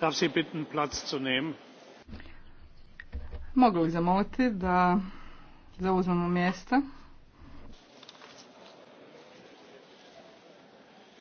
darf sie bitten platz zu nehmen. mogu li zamoliti da zauzmemo mjesta?